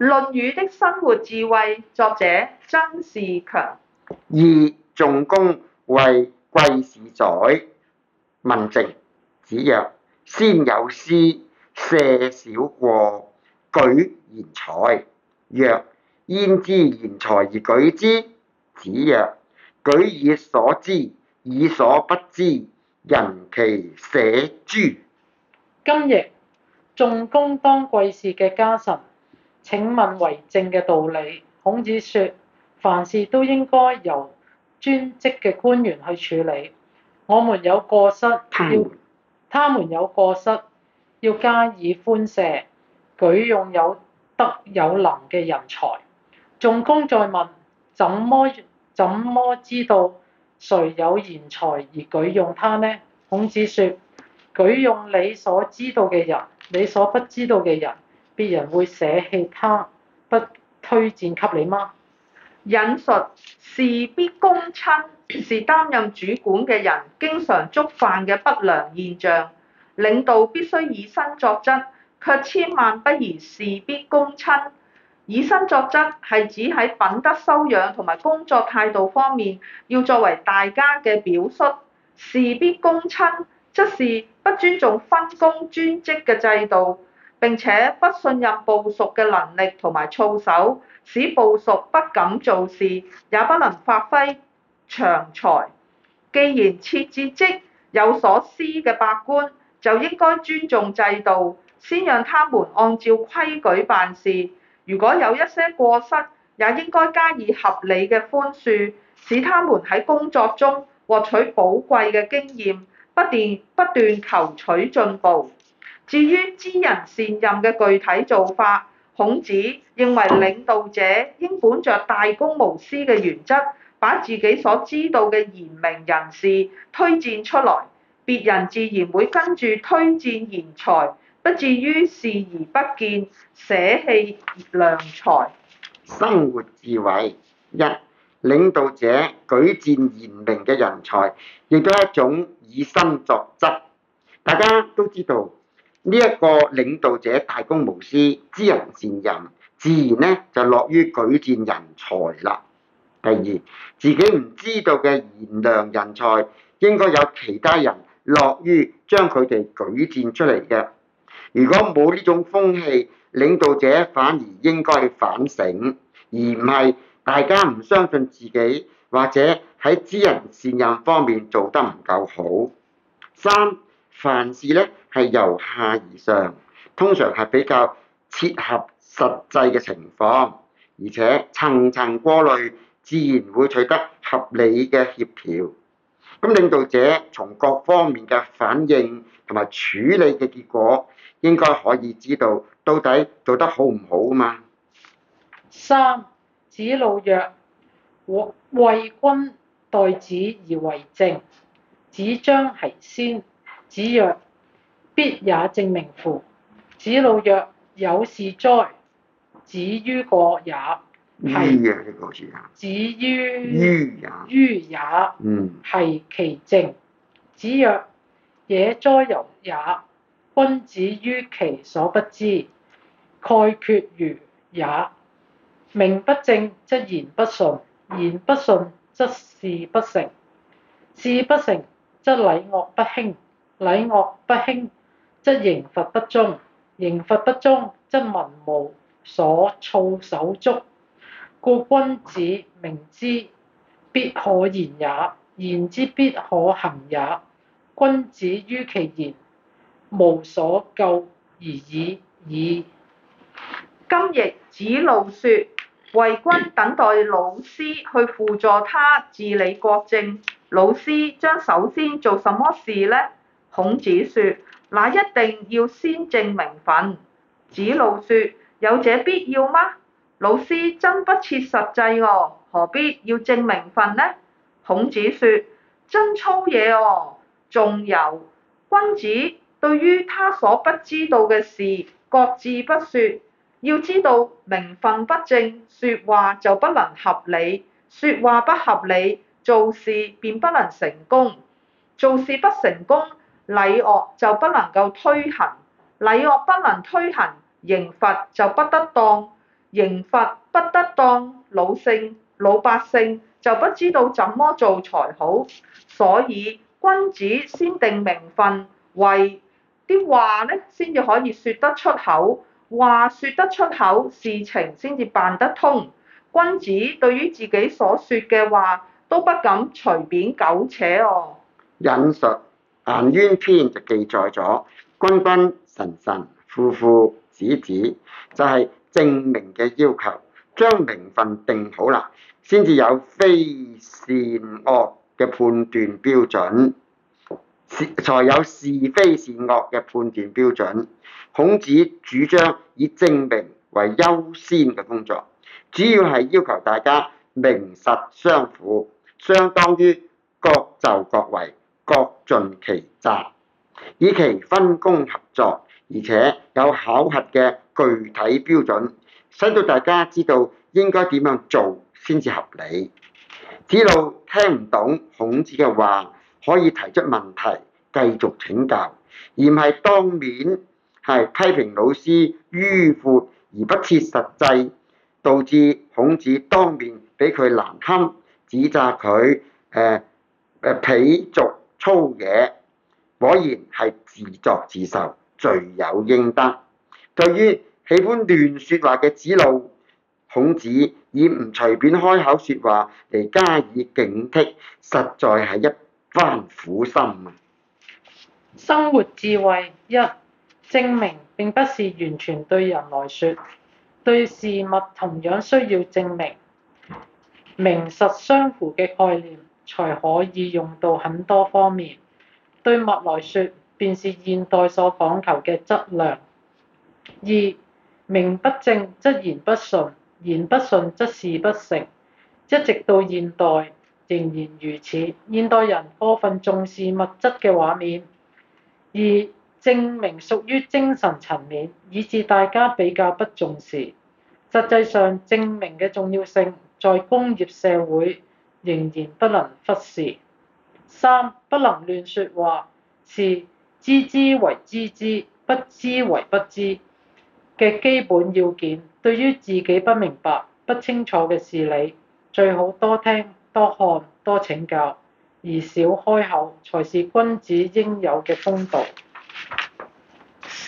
《論語》的生活智慧，作者曾仕強。二仲弓為季氏宰問政，子曰：先有司，赦小過，舉賢才。曰：焉知賢才而舉之？子曰：舉爾所知，爾所不知，人其舍諸？今譯：仲弓當季氏嘅家臣。請問為政嘅道理，孔子說：凡事都應該由專職嘅官員去處理。我們有過失要他們有過失要加以寬赦，舉用有德有能嘅人才。仲弓再問：怎麼怎麼知道誰有賢才而舉用他呢？孔子說：舉用你所知道嘅人，你所不知道嘅人。別人會捨棄他，不推薦給你嗎？引述事必躬親是擔任主管嘅人經常觸犯嘅不良現象，領導必須以身作則，卻千萬不宜事必躬親。以身作則係指喺品德修養同埋工作態度方面要作為大家嘅表率，事必躬親則是不尊重分工專職嘅制度。並且不信任部屬嘅能力同埋操守，使部屬不敢做事，也不能發揮長才。既然設置職有所思嘅百官，就應該尊重制度，先讓他們按照規矩辦事。如果有一些過失，也應該加以合理嘅寬恕，使他們喺工作中獲取寶貴嘅經驗，不斷，不斷求取進步。至於知人善任嘅具體做法，孔子認為領導者應本着大公無私嘅原則，把自己所知道嘅賢明人士推薦出來，別人自然會跟住推薦賢才，不至於視而不見，捨棄良才。生活智慧一，領導者舉薦賢明嘅人才，亦都係一種以身作則。大家都知道。呢一個領導者大公無私、知人善任，自然呢就樂於舉薦人才啦。第二，自己唔知道嘅賢良人才，應該有其他人樂於將佢哋舉薦出嚟嘅。如果冇呢種風氣，領導者反而應該反省，而唔係大家唔相信自己，或者喺知人善任方面做得唔夠好。三。凡事呢係由下而上，通常係比較切合實際嘅情況，而且層層過濾，自然會取得合理嘅協調。咁領導者從各方面嘅反應同埋處理嘅結果，應該可以知道到底做得好唔好啊嘛。三、子路曰：衛君待子而為政，子將奚先？子曰：必也正名乎？子路曰：有事哉，子於過也。係子於於也，奚其正。嗯、子曰：野哉由也，君子於其所不知，蓋缺如也。名不正則言不順，言不順則事不成，事不成則禮樂不興。禮樂不興，則刑罰不中；刑罰不中，則民無所措手足。故君子明之，必可言也；言之，必可行也。君子於其言，無所苟而已矣。今亦子路說，為君等待老師去輔助他治理國政，老師將首先做什麼事呢？孔子說：那一定要先正名分。子路說：有這必要嗎？老師真不切實際哦，何必要正名分呢？孔子說：真粗野哦。仲由，君子對於他所不知道嘅事，各自不説。要知道名分不正，說話就不能合理；說話不合理，做事便不能成功；做事不成功，禮樂就不能夠推行，禮樂不能推行，刑罰就不得當，刑罰不得當，老姓老百姓就不知道怎麼做才好。所以君子先定名分為，為啲話咧先至可以説得出口，話説得出口，事情先至辦得通。君子對於自己所説嘅話都不敢隨便苟且哦、啊。引述。顏淵篇就記載咗君君、臣臣、父父、子子，就係、是、正名嘅要求，將名分定好啦，先至有非善惡嘅判斷標準，才有是非善惡嘅判斷標準。孔子主張以正名為優先嘅工作，主要係要求大家名實相符，相當於各就各位。各盡其責，以其分工合作，而且有考核嘅具體標準，使到大家知道應該點樣做先至合理。子路聽唔懂孔子嘅話，可以提出問題繼續請教，而唔係當面係批評老師迂闊而不切實際，導致孔子當面俾佢難堪，指責佢誒誒鄙俗。粗野果然係自作自受，罪有應得。對於喜歡亂說話嘅子路，孔子以唔隨便開口說話嚟加以警惕，實在係一番苦心。生活智慧一：正名，並不是完全對人來說，對事物同樣需要正名，名實相符嘅概念。才可以用到很多方面。對物來說，便是現代所講求嘅質量。二、名不正則言不順，言不順則事不成。一直到現代仍然如此。現代人過分重視物質嘅畫面，而正名屬於精神層面，以致大家比較不重視。實際上正名嘅重要性，在工業社會。仍然不能忽視。三、不能亂說話，是知之為知之，不知為不知嘅基本要件。對於自己不明白、不清楚嘅事理，最好多聽、多看、多請教，而少開口，才是君子應有嘅風度。